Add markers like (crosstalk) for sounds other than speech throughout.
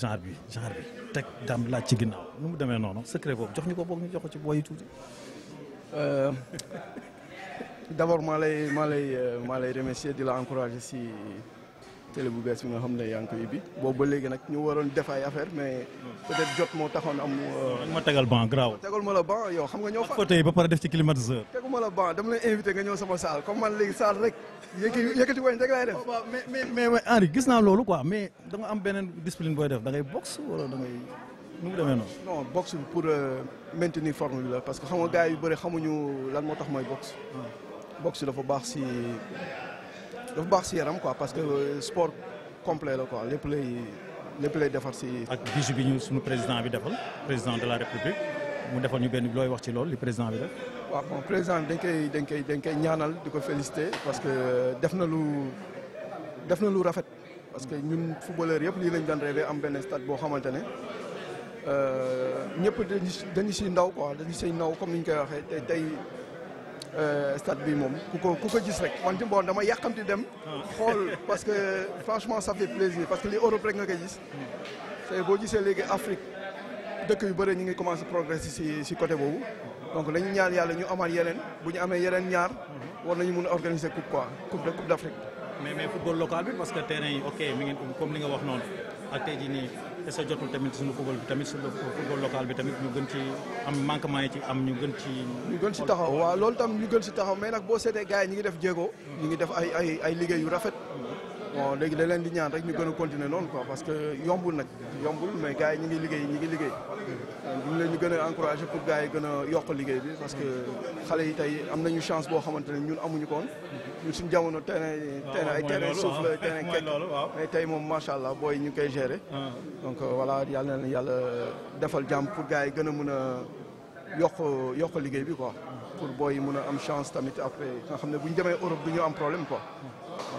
genre bi genre bi teg dam laaj ci ginnaaw nu mu demee noonu secret boobu jox ñu ko boog ñu jox ci booyi tuuti. Euh, (laughs) d' abord maa lay maa lay euh, maa lay remercier di la encourager si. télé bu bees bi nga xam ne yaa ngi koy ubbi boobu ba léegi nag ñu waroon def ay affaire mais peut-être jot moo taxoon am. Euh, ma tegal ban graw tegal ma la ban yow xam nga ñoo fa tey ba pare def ci climatiseur. teguma la ban dama lay invité nga ñëw sama salle comme man léegi salle rek yëkkati yëkkati wañ rek laay def. mais mais mais Henri gis naa loolu quoi mais da nga am beneen discipline booy def da ngay box wala da ngay. nu mu demee noonu non boxe pour euh, maintenir forme bi la parce que xam nga gars yu bëri xamuñu lan moo tax mooy box. Hmm. boxe dafa baax si dafa baax si yaram quoi parce que euh, sport complet la quoi lépp lay lépp lay defar si. ak bijou bi ñu suñu président bi defal président de la république mu defal ñu benn looy wax ci loolu li président bi def. waaw bon président dañ koy dañ koy dañ koy ñaanal di ko féliciter parce que euh, def na lu def na lu rafet. parce que ñun footballeurs yëpp lii lañ daan rêvé am benn stade boo xamante ne euh, ñëpp dañu si dañu si ndaw quoi dañu si ndaw comme ni ñu koy waxee tey tey euh, stade bi moom ku ko ku ko gis rek man ci bon dama yàqamti dem xool parce que franchement ça fait plaisir parce que les Europe rek nga koy c'est te boo gisee Afrique dëkk yu bëri ñu ngi commencé progresser si côté boobu donc lañu ñaar yàlla ñu amal yeneen buñu amé amee ñaar war nañu mun organiser coupe quoi coupe de coupe d'Afrique mais mais football local bi parce que terrain yi ok mi ngi comme li nga wax non ak tay est ce que jotul tamit suñu football bi tamit suñu football local bi tamit ñu gën ci am manquement yi ci am ñu gën ci. ñu gën si taxaw waaw loolu tam ñu gën si taxaw mais nag boo seetee gars yi ñu ngi def jéego. ñu ngi def ay ay ay liggéey yu rafet. bon léegi da leen di ñaan rek ñu gëna continuer non quoi parce que yombul nak yombul mais gaay ñi ngi liggéey ñi ngi liggéey ñu leen ñu gën a pour gaay yi gën yokk liggéey bi parce que xalé yi tay am nañu chance bo xamanteni ñun amuñu koon ñun suñu jamono terrain terrain ay terrain suuf la terrain kekk mais tey moom macha allah booy ñu ngi koy gérer ah. donc euh, voilà yalla na yalla defal jam pour gaay yi gën a yokk yokk liggéey bi quoi pour boy mën a am chance tamit après nga xamné buñu démé Europe du ñu am problème quoi ah.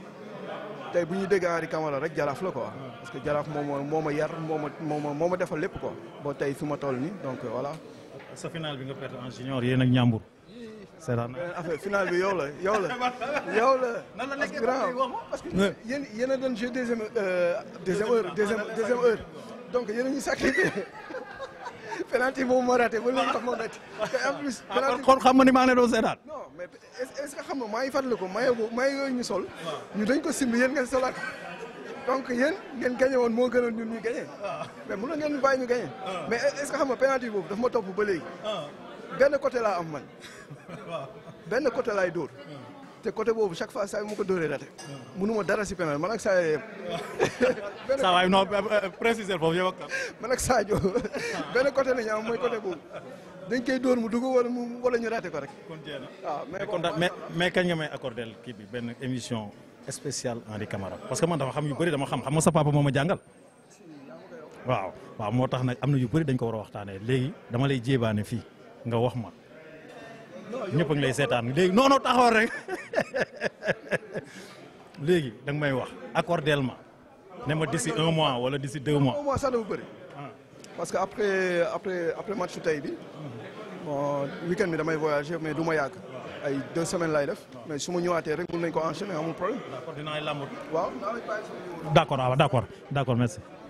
tay buñu ñuy dégg rek jaraaf la quoi parce que jaraaf moom moo ma yar moo ma moo ma defal lépp quoi ba tey su ma toll nii donc voilà. sa final bi nga perte en junior yéen ak Ndiambour. seetaan affaire final bi yow la yow la (laughs) yow la. nan la nekkee parce que yéen yéen a doon joué euh, deuxième deuxième heure deuxième deuxième heure donc yéen a ñu sacrifié. penalty boobu moo raté ba léegi tax moo raté. te en plus. Ah, penalty kon xam nga ni maa ne doon seetaan. non mais est-ce que xam nga maa ngi fàttaliku maillot yooyu ñu sol. ñu dañ ko simbi yéen ngeen solaat donc yéen ngeen gagné woon moo gënoon ñun ñu gagné. Ah. mais mënoon ngeen ñu gagné. Ah. mais est-ce que xam nga penalty boobu daf ma topp ba léegi. benn côté laa am man. (laughs) benn côté laay dóor. te côté boobu chaque fois saa yu ma ko dóoree rate mënuma dara si penal man ak saa yëpp. saa waay non euh, euh, préciser foofu yow ak man ak Sadio (laughs) benn côté la boobu dañ koy dóor mu dugg wala mu wala ñu rate ko rek. kon jéem waaw mais mais kañ nga may accordé kii bi benn émission spéciale Henri Camara parce que man dafa xam yu bëri dama xam xam nga sa papa moo ma jàngal. waaw waaw moo tax nag am na yu bëri dañ ko war a waxtaanee léegi dama lay jébaane fii nga wax ma. ñëpp a lay seetaan léegi noonoo non taxawal rek (laughs) léegi da may wax accordel ma ne ma d'ici un mois wala d'ici deux mois. un mois sax dafa bëri. Ah. parce que après après après tey bi mm-hmm. bon week-end bi damay voyager mais du ma yàgg. ay deux semaine lay def. Ah. mais su ma ñëwaatee rek mën nañ ko enchaîner amul problème. d'accord dinaa lambatu. waaw. d'accord waaw ah, d'accord d'accord merci.